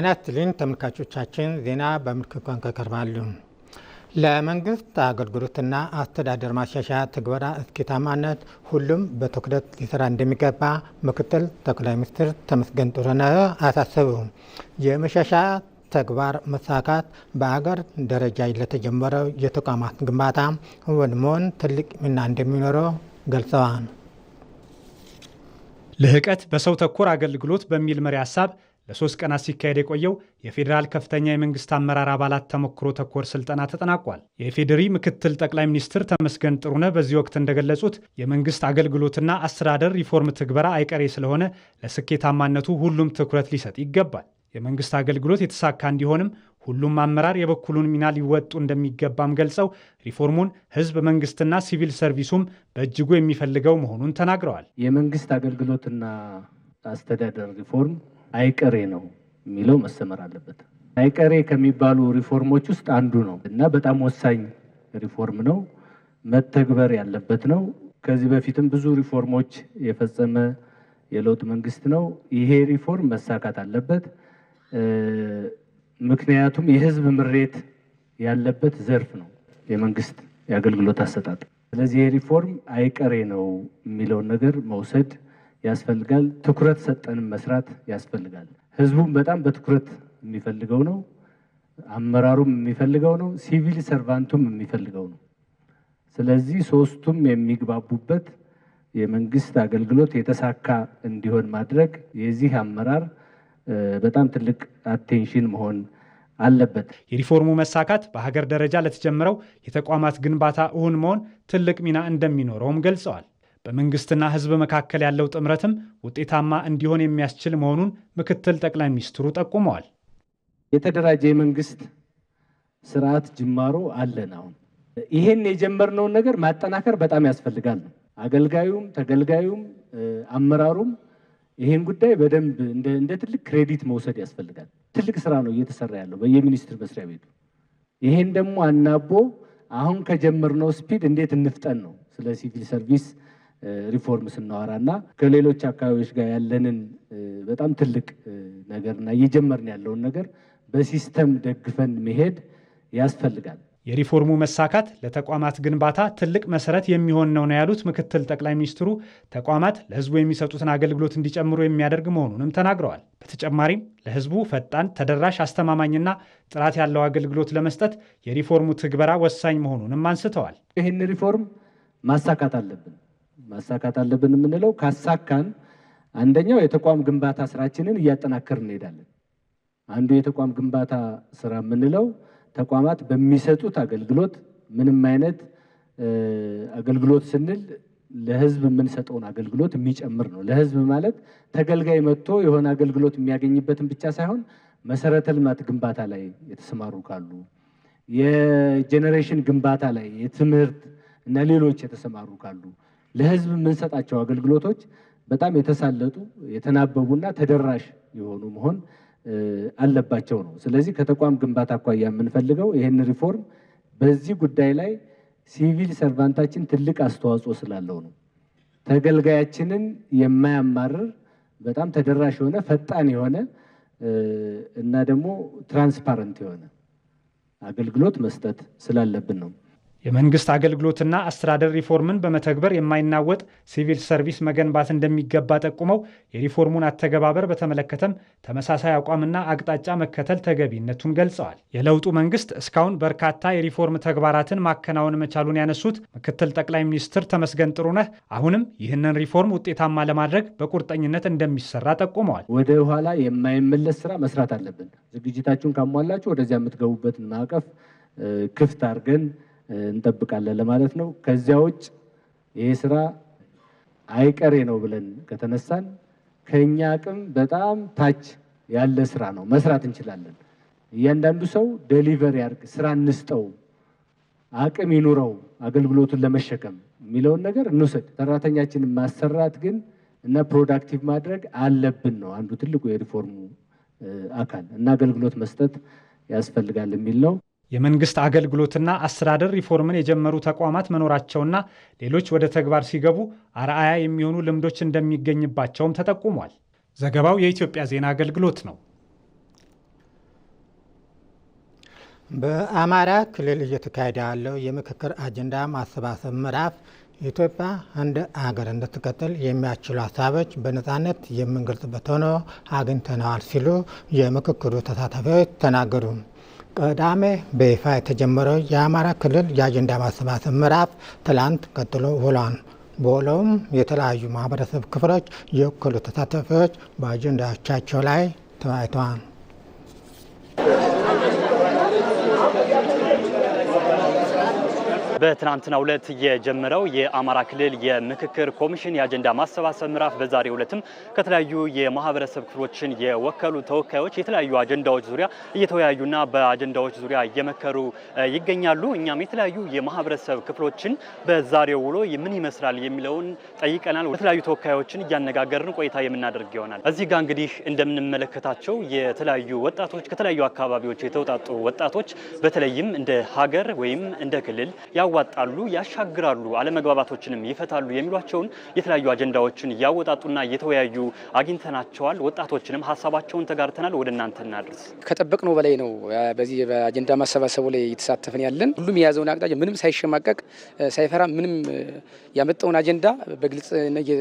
ጤና ይስጥልኝ ተመልካቾቻችን፣ ዜና በምልክት ቋንቋ ይቀርባሉ። ለመንግስት አገልግሎትና አስተዳደር ማሻሻያ ትግበራ እስኬታማነት ሁሉም በትኩረት ሊሰራ እንደሚገባ ምክትል ጠቅላይ ሚኒስትር ተመስገን ጥሩነህ አሳሰቡ። የመሻሻያ ተግባር መሳካት በአገር ደረጃ ለተጀመረው የተቋማት ግንባታ ወንሞን ትልቅ ሚና እንደሚኖረው ገልጸዋል። ልህቀት በሰው ተኮር አገልግሎት በሚል መሪ ሀሳብ ለሶስት ቀናት ሲካሄድ የቆየው የፌዴራል ከፍተኛ የመንግስት አመራር አባላት ተሞክሮ ተኮር ስልጠና ተጠናቋል። የኢፌዴሪ ምክትል ጠቅላይ ሚኒስትር ተመስገን ጥሩነህ በዚህ ወቅት እንደገለጹት የመንግስት አገልግሎትና አስተዳደር ሪፎርም ትግበራ አይቀሬ ስለሆነ ለስኬታማነቱ ሁሉም ትኩረት ሊሰጥ ይገባል። የመንግስት አገልግሎት የተሳካ እንዲሆንም ሁሉም አመራር የበኩሉን ሚና ሊወጡ እንደሚገባም ገልጸው ሪፎርሙን ህዝብ፣ መንግስትና ሲቪል ሰርቪሱም በእጅጉ የሚፈልገው መሆኑን ተናግረዋል። የመንግስት አገልግሎትና አስተዳደር ሪፎርም አይቀሬ ነው የሚለው መሰመር አለበት። አይቀሬ ከሚባሉ ሪፎርሞች ውስጥ አንዱ ነው እና በጣም ወሳኝ ሪፎርም ነው፣ መተግበር ያለበት ነው። ከዚህ በፊትም ብዙ ሪፎርሞች የፈጸመ የለውጥ መንግስት ነው። ይሄ ሪፎርም መሳካት አለበት። ምክንያቱም የህዝብ ምሬት ያለበት ዘርፍ ነው የመንግስት የአገልግሎት አሰጣጥ። ስለዚህ ይሄ ሪፎርም አይቀሬ ነው የሚለውን ነገር መውሰድ ያስፈልጋል። ትኩረት ሰጠንም መስራት ያስፈልጋል። ህዝቡም በጣም በትኩረት የሚፈልገው ነው። አመራሩም የሚፈልገው ነው። ሲቪል ሰርቫንቱም የሚፈልገው ነው። ስለዚህ ሶስቱም የሚግባቡበት የመንግስት አገልግሎት የተሳካ እንዲሆን ማድረግ የዚህ አመራር በጣም ትልቅ አቴንሽን መሆን አለበት። የሪፎርሙ መሳካት በሀገር ደረጃ ለተጀመረው የተቋማት ግንባታ እውን መሆን ትልቅ ሚና እንደሚኖረውም ገልጸዋል። በመንግስትና ህዝብ መካከል ያለው ጥምረትም ውጤታማ እንዲሆን የሚያስችል መሆኑን ምክትል ጠቅላይ ሚኒስትሩ ጠቁመዋል። የተደራጀ የመንግስት ስርዓት ጅማሮ አለን። አሁን ይሄን የጀመርነውን ነገር ማጠናከር በጣም ያስፈልጋል አገልጋዩም ተገልጋዩም አመራሩም ይሄን ጉዳይ በደንብ እንደ ትልቅ ክሬዲት መውሰድ ያስፈልጋል። ትልቅ ስራ ነው እየተሰራ ያለው በየሚኒስትር መስሪያ ቤቱ። ይሄን ደግሞ አናቦ አሁን ከጀመርነው ስፒድ እንዴት እንፍጠን ነው ስለ ሲቪል ሰርቪስ ሪፎርም ስናወራ እና ከሌሎች አካባቢዎች ጋር ያለንን በጣም ትልቅ ነገር እና እየጀመርን ያለውን ነገር በሲስተም ደግፈን መሄድ ያስፈልጋል። የሪፎርሙ መሳካት ለተቋማት ግንባታ ትልቅ መሰረት የሚሆን ነው ነው ያሉት ምክትል ጠቅላይ ሚኒስትሩ ተቋማት ለሕዝቡ የሚሰጡትን አገልግሎት እንዲጨምሩ የሚያደርግ መሆኑንም ተናግረዋል። በተጨማሪም ለሕዝቡ ፈጣን፣ ተደራሽ፣ አስተማማኝና ጥራት ያለው አገልግሎት ለመስጠት የሪፎርሙ ትግበራ ወሳኝ መሆኑንም አንስተዋል። ይህን ሪፎርም ማሳካት አለብን። ማሳካት አለብን የምንለው ካሳካን አንደኛው የተቋም ግንባታ ስራችንን እያጠናከር እንሄዳለን። አንዱ የተቋም ግንባታ ስራ የምንለው ተቋማት በሚሰጡት አገልግሎት ምንም አይነት አገልግሎት ስንል ለህዝብ የምንሰጠውን አገልግሎት የሚጨምር ነው። ለህዝብ ማለት ተገልጋይ መጥቶ የሆነ አገልግሎት የሚያገኝበትን ብቻ ሳይሆን መሰረተ ልማት ግንባታ ላይ የተሰማሩ ካሉ፣ የጄኔሬሽን ግንባታ ላይ፣ የትምህርት እና ሌሎች የተሰማሩ ካሉ ለህዝብ የምንሰጣቸው አገልግሎቶች በጣም የተሳለጡ የተናበቡና ተደራሽ የሆኑ መሆን አለባቸው ነው። ስለዚህ ከተቋም ግንባታ አኳያ የምንፈልገው ይህን ሪፎርም በዚህ ጉዳይ ላይ ሲቪል ሰርቫንታችን ትልቅ አስተዋጽኦ ስላለው ነው። ተገልጋያችንን የማያማርር በጣም ተደራሽ የሆነ ፈጣን የሆነ እና ደግሞ ትራንስፓረንት የሆነ አገልግሎት መስጠት ስላለብን ነው። የመንግስት አገልግሎትና አስተዳደር ሪፎርምን በመተግበር የማይናወጥ ሲቪል ሰርቪስ መገንባት እንደሚገባ ጠቁመው የሪፎርሙን አተገባበር በተመለከተም ተመሳሳይ አቋምና አቅጣጫ መከተል ተገቢነቱን ገልጸዋል። የለውጡ መንግስት እስካሁን በርካታ የሪፎርም ተግባራትን ማከናወን መቻሉን ያነሱት ምክትል ጠቅላይ ሚኒስትር ተመስገን ጥሩነህ አሁንም ይህንን ሪፎርም ውጤታማ ለማድረግ በቁርጠኝነት እንደሚሰራ ጠቁመዋል። ወደ ኋላ የማይመለስ ስራ መስራት አለብን። ዝግጅታችሁን ካሟላችሁ ወደዚያ የምትገቡበትን ማዕቀፍ ክፍት አድርገን እንጠብቃለን ለማለት ነው። ከዚያ ውጭ ይህ ስራ አይቀሬ ነው ብለን ከተነሳን ከኛ አቅም በጣም ታች ያለ ስራ ነው መስራት እንችላለን። እያንዳንዱ ሰው ደሊቨሪ ያርግ፣ ስራ እንስጠው፣ አቅም ይኑረው አገልግሎቱን ለመሸከም የሚለውን ነገር እንውሰድ። ሰራተኛችንን ማሰራት ግን እና ፕሮዳክቲቭ ማድረግ አለብን ነው አንዱ ትልቁ የሪፎርሙ አካል እና አገልግሎት መስጠት ያስፈልጋል የሚል ነው። የመንግስት አገልግሎትና አስተዳደር ሪፎርምን የጀመሩ ተቋማት መኖራቸውና ሌሎች ወደ ተግባር ሲገቡ አርአያ የሚሆኑ ልምዶች እንደሚገኝባቸውም ተጠቁሟል። ዘገባው የኢትዮጵያ ዜና አገልግሎት ነው። በአማራ ክልል እየተካሄደ ያለው የምክክር አጀንዳ ማሰባሰብ ምዕራፍ ኢትዮጵያ እንደ አገር እንድትቀጥል የሚያስችሉ ሀሳቦች በነፃነት የምንገልጽበት ሆኖ አግኝተነዋል ሲሉ የምክክሩ ተሳታፊዎች ተናገሩ። ቅዳሜ በይፋ የተጀመረው የአማራ ክልል የአጀንዳ ማሰባሰብ ምዕራፍ ትላንት ቀጥሎ ውሏል። በውሎም የተለያዩ ማህበረሰብ ክፍሎች የክልሉ ተሳታፊዎች በአጀንዳዎቻቸው ላይ ተወያይተዋል። በትናንትናው ዕለት የጀመረው የአማራ ክልል የምክክር ኮሚሽን የአጀንዳ ማሰባሰብ ምዕራፍ በዛሬው ዕለትም ከተለያዩ የማህበረሰብ ክፍሎችን የወከሉ ተወካዮች የተለያዩ አጀንዳዎች ዙሪያ እየተወያዩና በአጀንዳዎች ዙሪያ እየመከሩ ይገኛሉ። እኛም የተለያዩ የማህበረሰብ ክፍሎችን በዛሬው ውሎ ምን ይመስላል የሚለውን ጠይቀናል። የተለያዩ ተወካዮችን እያነጋገርን ቆይታ የምናደርግ ይሆናል። እዚህ ጋር እንግዲህ እንደምንመለከታቸው የተለያዩ ወጣቶች ከተለያዩ አካባቢዎች የተውጣጡ ወጣቶች በተለይም እንደ ሀገር ወይም እንደ ክልል ያዋጣሉ፣ ያሻግራሉ፣ አለመግባባቶችንም ይፈታሉ የሚሏቸውን የተለያዩ አጀንዳዎችን እያወጣጡና እየተወያዩ አግኝተናቸዋል። ወጣቶችንም ሀሳባቸውን ተጋርተናል። ወደ እናንተ እናድርስ። ከጠበቅነው በላይ ነው። በዚህ በአጀንዳ ማሰባሰቡ ላይ እየተሳተፍን ያለን ሁሉም የያዘውን አቅጣጫ ምንም ሳይሸማቀቅ ሳይፈራ ምንም ያመጣውን አጀንዳ በግልጽ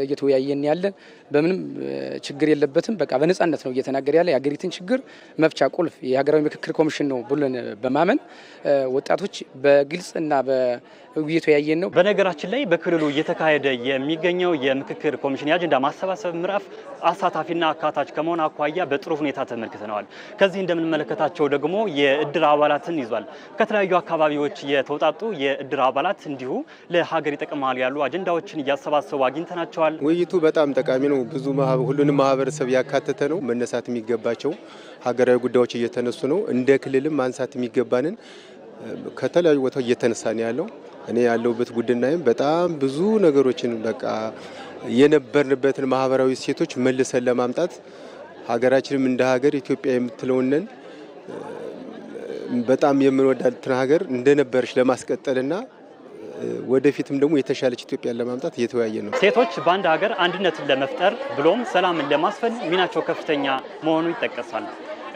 እየተወያየን ያለን በምንም ችግር የለበትም። በቃ በነጻነት ነው እየተናገር ያለ የሀገሪትን ችግር መፍቻ ቁልፍ የሀገራዊ ምክክር ኮሚሽን ነው ብለን በማመን ወጣቶች በግልጽና ውይይቱ ያየን ነው። በነገራችን ላይ በክልሉ እየተካሄደ የሚገኘው የምክክር ኮሚሽን የአጀንዳ ማሰባሰብ ምዕራፍ አሳታፊና አካታች ከመሆን አኳያ በጥሩ ሁኔታ ተመልክተነዋል። ከዚህ እንደምንመለከታቸው ደግሞ የእድር አባላትን ይዟል። ከተለያዩ አካባቢዎች የተውጣጡ የእድር አባላት እንዲሁ ለሀገር ይጠቅማሉ ያሉ አጀንዳዎችን እያሰባሰቡ አግኝተናቸዋል። ውይይቱ በጣም ጠቃሚ ነው። ብዙ ሁሉንም ማህበረሰብ ያካተተ ነው። መነሳት የሚገባቸው ሀገራዊ ጉዳዮች እየተነሱ ነው። እንደ ክልልም ማንሳት የሚገባንን ከተለያዩ ቦታ እየተነሳ ነው ያለው። እኔ ያለሁበት ቡድናይም በጣም ብዙ ነገሮችን በቃ የነበርንበትን ማህበራዊ እሴቶች መልሰን ለማምጣት ሀገራችንም እንደ ሀገር ኢትዮጵያ የምትለውነን በጣም የምንወዳትን ሀገር እንደነበረች ለማስቀጠልና ወደፊትም ደግሞ የተሻለች ኢትዮጵያን ለማምጣት እየተወያየ ነው። ሴቶች በአንድ ሀገር አንድነትን ለመፍጠር ብሎም ሰላምን ለማስፈን ሚናቸው ከፍተኛ መሆኑ ይጠቀሳል።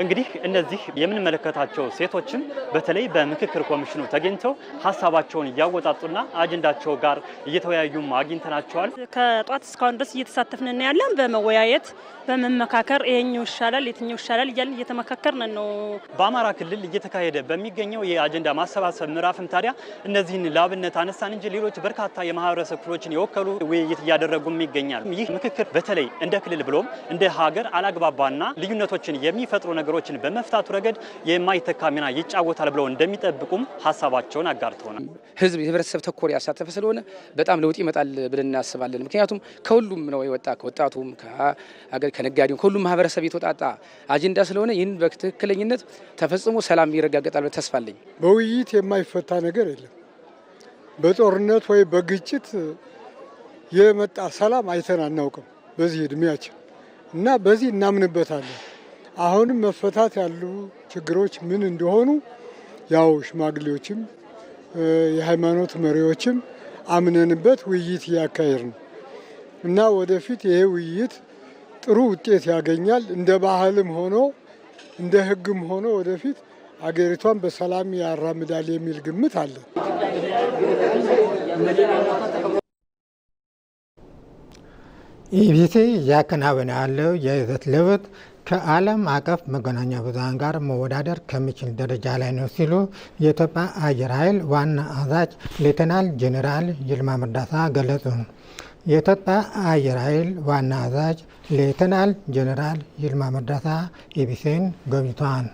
እንግዲህ እነዚህ የምንመለከታቸው ሴቶችም በተለይ በምክክር ኮሚሽኑ ተገኝተው ሀሳባቸውን እያወጣጡና አጀንዳቸው ጋር እየተወያዩም አግኝተናቸዋል። ከጧት እስካሁን ድረስ እየተሳተፍን እናያለን። በመወያየት በመመካከር ይሄኛው ይሻላል የትኛው ይሻላል እያልን እየተመካከርን ነው። በአማራ ክልል እየተካሄደ በሚገኘው የአጀንዳ ማሰባሰብ ምዕራፍም ታዲያ እነዚህን ለአብነት አነሳን እንጂ ሌሎች በርካታ የማህበረሰብ ክፍሎችን የወከሉ ውይይት እያደረጉም ይገኛል። ይህ ምክክር በተለይ እንደ ክልል ብሎም እንደ ሀገር አላግባባና ልዩነቶችን የሚፈጥሩ ነገሮችን በመፍታቱ ረገድ የማይተካ ሚና ይጫወታል ብለው እንደሚጠብቁም ሀሳባቸውን አጋርተውናል። ህዝብ የህብረተሰብ ተኮር ያሳተፈ ስለሆነ በጣም ለውጥ ይመጣል ብለን እናስባለን። ምክንያቱም ከሁሉም ነው የወጣ ከወጣቱም፣ ከሀገር ከነጋዴውም፣ ከሁሉም ማህበረሰብ የተወጣጣ አጀንዳ ስለሆነ ይህን በትክክለኝነት ተፈጽሞ ሰላም ይረጋገጣል ተስፋ አለኝ። በውይይት የማይፈታ ነገር የለም። በጦርነት ወይ በግጭት የመጣ ሰላም አይተን አናውቅም በዚህ እድሜያችን እና በዚህ እናምንበታለን። አሁንም መፈታት ያሉ ችግሮች ምን እንደሆኑ ያው ሽማግሌዎችም የሃይማኖት መሪዎችም አምነንበት ውይይት እያካሄድ ነው እና ወደፊት ይሄ ውይይት ጥሩ ውጤት ያገኛል። እንደ ባህልም ሆኖ እንደ ሕግም ሆኖ ወደፊት አገሪቷን በሰላም ያራምዳል የሚል ግምት አለ። ኢቢሲ እያከናወነ ያለው የዕለት ለውጥ ከዓለም አቀፍ መገናኛ ብዙኃን ጋር መወዳደር ከሚችል ደረጃ ላይ ነው ሲሉ የኢትዮጵያ አየር ኃይል ዋና አዛዥ ሌተናል ጄኔራል ይልማ መርዳሳ ገለጹ። የኢትዮጵያ አየር ኃይል ዋና አዛዥ ሌተናል ጄኔራል ይልማ መርዳሳ ኢቢሲን ገብቷል።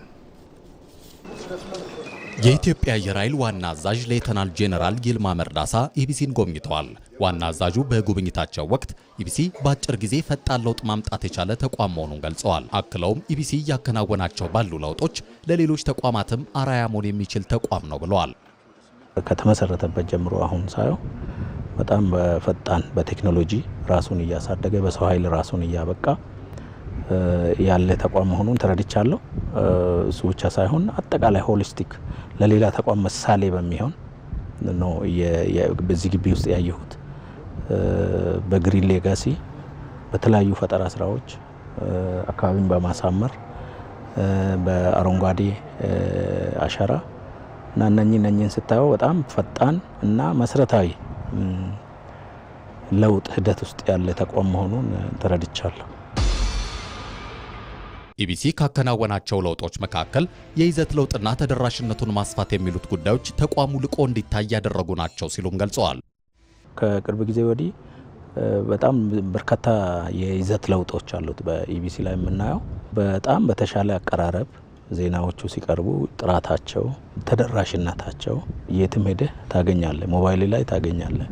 የኢትዮጵያ አየር ኃይል ዋና አዛዥ ሌተናል ጄኔራል ይልማ መርዳሳ ኢቢሲን ጎብኝተዋል። ዋና አዛዡ በጉብኝታቸው ወቅት ኢቢሲ በአጭር ጊዜ ፈጣን ለውጥ ማምጣት የቻለ ተቋም መሆኑን ገልጸዋል። አክለውም ኢቢሲ እያከናወናቸው ባሉ ለውጦች ለሌሎች ተቋማትም አራያ መሆን የሚችል ተቋም ነው ብለዋል። ከተመሰረተበት ጀምሮ አሁን ሳየው በጣም በፈጣን በቴክኖሎጂ ራሱን እያሳደገ በሰው ኃይል ራሱን እያበቃ ያለ ተቋም መሆኑን ተረድቻለሁ። እሱ ብቻ ሳይሆን አጠቃላይ ሆሊስቲክ ለሌላ ተቋም ምሳሌ በሚሆን ነው በዚህ ግቢ ውስጥ ያየሁት። በግሪን ሌጋሲ በተለያዩ ፈጠራ ስራዎች አካባቢን በማሳመር በአረንጓዴ አሻራ እና እነኚህ እነኚህን ስታየው በጣም ፈጣን እና መሰረታዊ ለውጥ ሂደት ውስጥ ያለ ተቋም መሆኑን ተረድቻለሁ። ኢቢሲ ካከናወናቸው ለውጦች መካከል የይዘት ለውጥና ተደራሽነቱን ማስፋት የሚሉት ጉዳዮች ተቋሙ ልቆ እንዲታይ ያደረጉ ናቸው ሲሉም ገልጸዋል። ከቅርብ ጊዜ ወዲህ በጣም በርካታ የይዘት ለውጦች አሉት። በኢቢሲ ላይ የምናየው በጣም በተሻለ አቀራረብ ዜናዎቹ ሲቀርቡ ጥራታቸው፣ ተደራሽነታቸው የትም ሄደህ ታገኛለህ። ሞባይል ላይ ታገኛለህ፣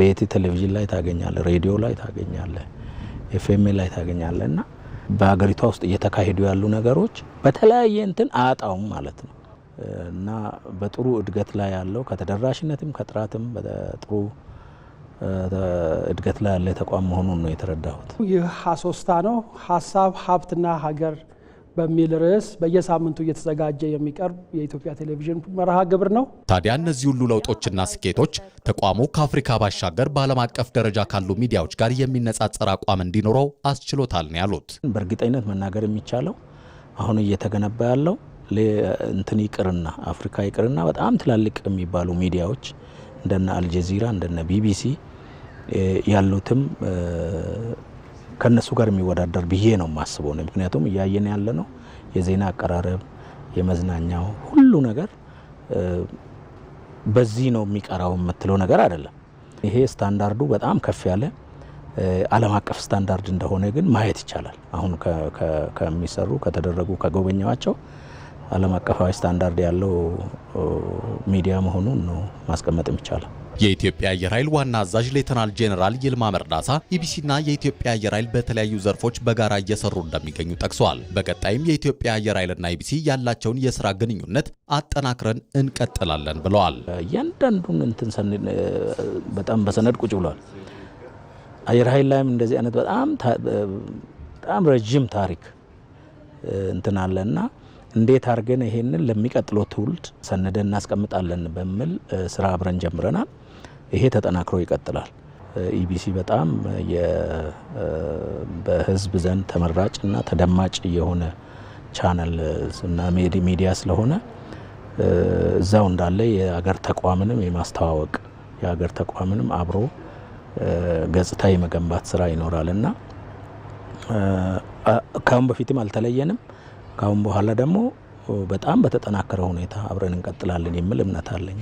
ቤት ቴሌቪዥን ላይ ታገኛለህ፣ ሬዲዮ ላይ ታገኛለህ፣ ኤፍኤም ላይ ታገኛለህ እና በሀገሪቷ ውስጥ እየተካሄዱ ያሉ ነገሮች በተለያየ እንትን አያጣውም ማለት ነው። እና በጥሩ እድገት ላይ ያለው ከተደራሽነትም ከጥራትም በጥሩ እድገት ላይ ያለ ተቋም መሆኑን ነው የተረዳሁት። ይህ ሀሶስታ ነው። ሀሳብ ሀብትና ሀገር በሚል ርዕስ በየሳምንቱ እየተዘጋጀ የሚቀርብ የኢትዮጵያ ቴሌቪዥን መርሃ ግብር ነው። ታዲያ እነዚህ ሁሉ ለውጦችና ስኬቶች ተቋሙ ከአፍሪካ ባሻገር በዓለም አቀፍ ደረጃ ካሉ ሚዲያዎች ጋር የሚነጻጸር አቋም እንዲኖረው አስችሎታል ነው ያሉት። በእርግጠኝነት መናገር የሚቻለው አሁን እየተገነባ ያለው እንትን ይቅርና አፍሪካ ይቅርና በጣም ትላልቅ የሚባሉ ሚዲያዎች እንደነ አልጀዚራ እንደነ ቢቢሲ ያሉትም ከነሱ ጋር የሚወዳደር ብዬ ነው የማስበው ነው። ምክንያቱም እያየን ያለ ነው የዜና አቀራረብ፣ የመዝናኛው ሁሉ ነገር በዚህ ነው የሚቀራው የምትለው ነገር አይደለም። ይሄ ስታንዳርዱ በጣም ከፍ ያለ ዓለም አቀፍ ስታንዳርድ እንደሆነ ግን ማየት ይቻላል። አሁን ከሚሰሩ ከተደረጉ ከጎበኘዋቸው ዓለም አቀፋዊ ስታንዳርድ ያለው ሚዲያ መሆኑን ነው ማስቀመጥ የሚቻለው። የኢትዮጵያ አየር ኃይል ዋና አዛዥ ሌተናል ጄኔራል ይልማ መርዳሳ ኢቢሲና የኢትዮጵያ አየር ኃይል በተለያዩ ዘርፎች በጋራ እየሰሩ እንደሚገኙ ጠቅሰዋል። በቀጣይም የኢትዮጵያ አየር ኃይልና ኢቢሲ ያላቸውን የስራ ግንኙነት አጠናክረን እንቀጥላለን ብለዋል። እያንዳንዱን እንትን በጣም በሰነድ ቁጭ ብሏል። አየር ኃይል ላይም እንደዚህ አይነት በጣም በጣም ረዥም ታሪክ እንትን አለና እንዴት አድርገን ይሄንን ለሚቀጥለው ትውልድ ሰንደን እናስቀምጣለን በሚል ስራ አብረን ጀምረናል። ይሄ ተጠናክሮ ይቀጥላል። ኢቢሲ በጣም በህዝብ ዘንድ ተመራጭ እና ተደማጭ የሆነ ቻናል እና ሚዲያ ስለሆነ እዛው እንዳለ የአገር ተቋምንም የማስተዋወቅ የአገር ተቋምንም አብሮ ገጽታ የመገንባት ስራ ይኖራል እና ከአሁን በፊትም አልተለየንም። ካሁን በኋላ ደግሞ በጣም በተጠናከረ ሁኔታ አብረን እንቀጥላለን የሚል እምነት አለኝ።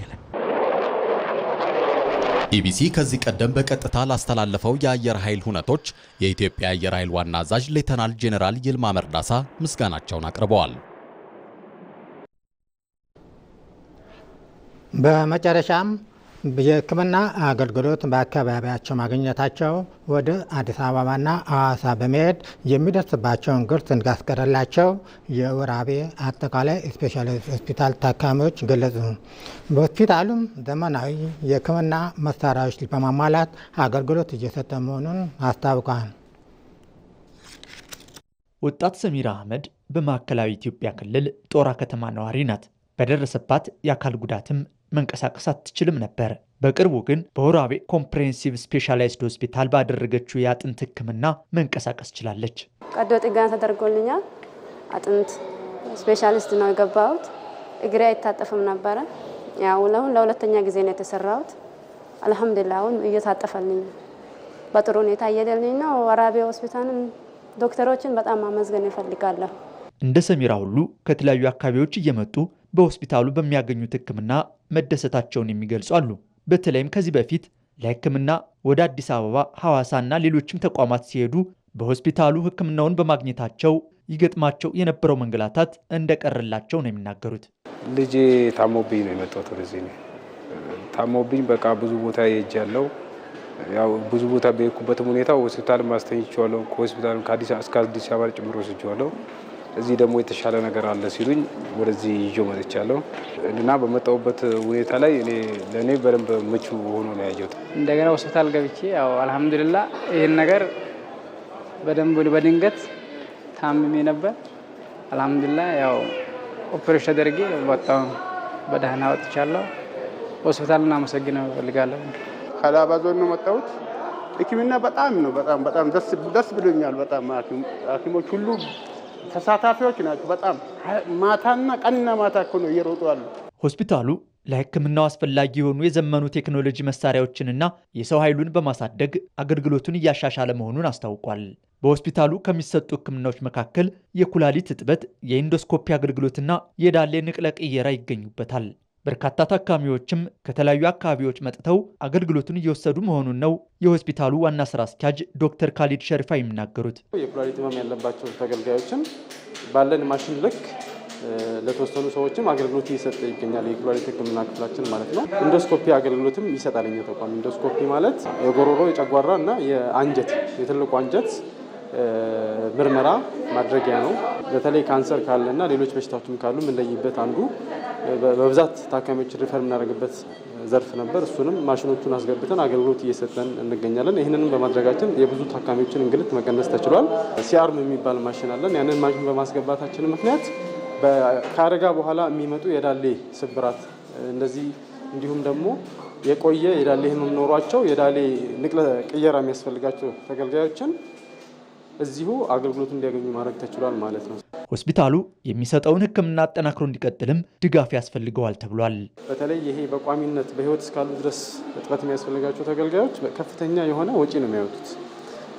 ኢቢሲ ከዚህ ቀደም በቀጥታ ላስተላለፈው የአየር ኃይል ሁነቶች የኢትዮጵያ አየር ኃይል ዋና አዛዥ ሌተናል ጄኔራል ይልማ መርዳሳ ምስጋናቸውን አቅርበዋል። በመጨረሻም የሕክምና አገልግሎት በአካባቢያቸው ማግኘታቸው ወደ አዲስ አበባና አዋሳ በመሄድ የሚደርስባቸውን ግርት እንዳስቀረላቸው የወራቤ አጠቃላይ ስፔሻላይዝ ሆስፒታል ታካሚዎች ገለጹ። በሆስፒታሉም ዘመናዊ የሕክምና መሳሪያዎች በማሟላት አገልግሎት እየሰጠ መሆኑን አስታውቋል። ወጣት ሰሚራ አህመድ በማዕከላዊ ኢትዮጵያ ክልል ጦራ ከተማ ነዋሪ ናት። በደረሰባት የአካል ጉዳትም መንቀሳቀስ አትችልም ነበር። በቅርቡ ግን በወራቤ ኮምፕሬሄንሲቭ ስፔሻላይዝድ ሆስፒታል ባደረገችው የአጥንት ሕክምና መንቀሳቀስ ችላለች። ቀዶ ጥገና ተደርጎልኛል። አጥንት ስፔሻሊስት ነው የገባሁት። እግሬ አይታጠፍም ነበረ። ያው ለሁን ለሁለተኛ ጊዜ ነው የተሰራሁት። አልሐምዱሊላህ አሁን እየታጠፈልኝ በጥሩ ሁኔታ እየደልኝ ነው። ወራቤ ሆስፒታልን ዶክተሮችን በጣም ማመስገን እፈልጋለሁ። እንደ ሰሚራ ሁሉ ከተለያዩ አካባቢዎች እየመጡ በሆስፒታሉ በሚያገኙት ሕክምና መደሰታቸውን የሚገልጹ አሉ። በተለይም ከዚህ በፊት ለሕክምና ወደ አዲስ አበባ፣ ሐዋሳና ሌሎችም ተቋማት ሲሄዱ በሆስፒታሉ ሕክምናውን በማግኘታቸው ይገጥማቸው የነበረው መንገላታት እንደቀረላቸው ነው የሚናገሩት። ልጄ ታሞብኝ ነው የመጣሁት ወደዚህ ነው ታሞብኝ። በቃ ብዙ ቦታ ሄጃለሁ። ያው ብዙ ቦታ በሄድኩበትም ሁኔታ ሆስፒታል ማስተኝቸዋለሁ። ከሆስፒታል እስከ አዲስ አበባ ጭምር ወስጄዋለሁ። እዚህ ደግሞ የተሻለ ነገር አለ ሲሉኝ ወደዚህ ይዞ መጥቻለሁ እና በመጣሁበት ሁኔታ ላይ እኔ ለእኔ በደንብ ምቹ ሆኖ ነው ያየሁት። እንደገና ሆስፒታል ገብቼ ያው አልሐምዱሊላ ይህን ነገር በደንብ በድንገት ታምሜ ነበር። አልሐምዱላ ያው ኦፕሬሽን ተደርጌ በጣም በደህና ወጥቻለሁ። ሆስፒታል አመሰግነው እፈልጋለሁ። ከላባ ዞን ነው መጣሁት። ሕክምና በጣም ነው በጣም በጣም ደስ ብሎኛል። በጣም ሐኪሞች ሁሉ ተሳታፊዎች ናቸው። በጣም ማታና ቀንና ማታ እኮ ነው እየሮጡ ያሉ። ሆስፒታሉ ለሕክምናው አስፈላጊ የሆኑ የዘመኑ ቴክኖሎጂ መሳሪያዎችንና የሰው ኃይሉን በማሳደግ አገልግሎቱን እያሻሻለ መሆኑን አስታውቋል። በሆስፒታሉ ከሚሰጡ ሕክምናዎች መካከል የኩላሊት እጥበት፣ የኢንዶስኮፒ አገልግሎትና የዳሌ ንቅለ ቅየራ ይገኙበታል። በርካታ ታካሚዎችም ከተለያዩ አካባቢዎች መጥተው አገልግሎቱን እየወሰዱ መሆኑን ነው የሆስፒታሉ ዋና ስራ አስኪያጅ ዶክተር ካሊድ ሸሪፋ የሚናገሩት። የኩላሊት ህመም ያለባቸው ተገልጋዮችን ባለን ማሽን ልክ ለተወሰኑ ሰዎችም አገልግሎት እየሰጠ ይገኛል። የኩላሊት ህክምና ክፍላችን ማለት ነው። ኢንዶስኮፒ አገልግሎትም ይሰጣል። ተቋም ኢንዶስኮፒ ማለት የጎሮሮ የጨጓራ እና የአንጀት የትልቁ አንጀት ምርመራ ማድረጊያ ነው። በተለይ ካንሰር ካለና ሌሎች በሽታዎችም ካሉ የምንለይበት አንዱ በብዛት ታካሚዎች ሪፈር የምናደርግበት ዘርፍ ነበር። እሱንም ማሽኖቹን አስገብተን አገልግሎት እየሰጠን እንገኛለን። ይህንንም በማድረጋችን የብዙ ታካሚዎችን እንግልት መቀነስ ተችሏል። ሲአርም የሚባል ማሽን አለን። ያንን ማሽን በማስገባታችን ምክንያት ከአደጋ በኋላ የሚመጡ የዳሌ ስብራት እንደዚህ እንዲሁም ደግሞ የቆየ የዳሌ ህመም ኖሯቸው የዳሌ ንቅለ ቅየራ የሚያስፈልጋቸው ተገልጋዮችን እዚሁ አገልግሎት እንዲያገኙ ማድረግ ተችሏል ማለት ነው። ሆስፒታሉ የሚሰጠውን ሕክምና አጠናክሮ እንዲቀጥልም ድጋፍ ያስፈልገዋል ተብሏል። በተለይ ይሄ በቋሚነት በህይወት እስካሉ ድረስ እጥበት የሚያስፈልጋቸው ተገልጋዮች ከፍተኛ የሆነ ወጪ ነው የሚያወጡት።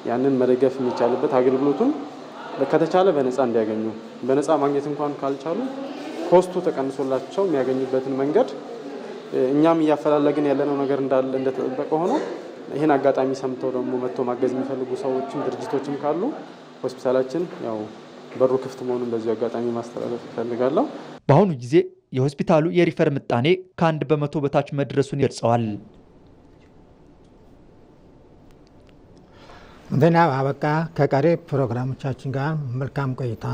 ያንን መደገፍ የሚቻልበት አገልግሎቱን ከተቻለ በነፃ እንዲያገኙ በነፃ ማግኘት እንኳን ካልቻሉ ኮስቱ ተቀንሶላቸው የሚያገኙበትን መንገድ እኛም እያፈላለግን ያለነው ነገር እንዳለ እንደተጠበቀ ሆኖ ይህን አጋጣሚ ሰምተው ደግሞ መጥቶ ማገዝ የሚፈልጉ ሰዎችም ድርጅቶችም ካሉ ሆስፒታላችን ያው በሩ ክፍት መሆኑን በዚ አጋጣሚ ማስተላለፍ ይፈልጋለሁ። በአሁኑ ጊዜ የሆስፒታሉ የሪፈር ምጣኔ ከአንድ በመቶ በታች መድረሱን ገልጸዋል። ዜና አበቃ። ከቀሪ ፕሮግራሞቻችን ጋር መልካም ቆይታ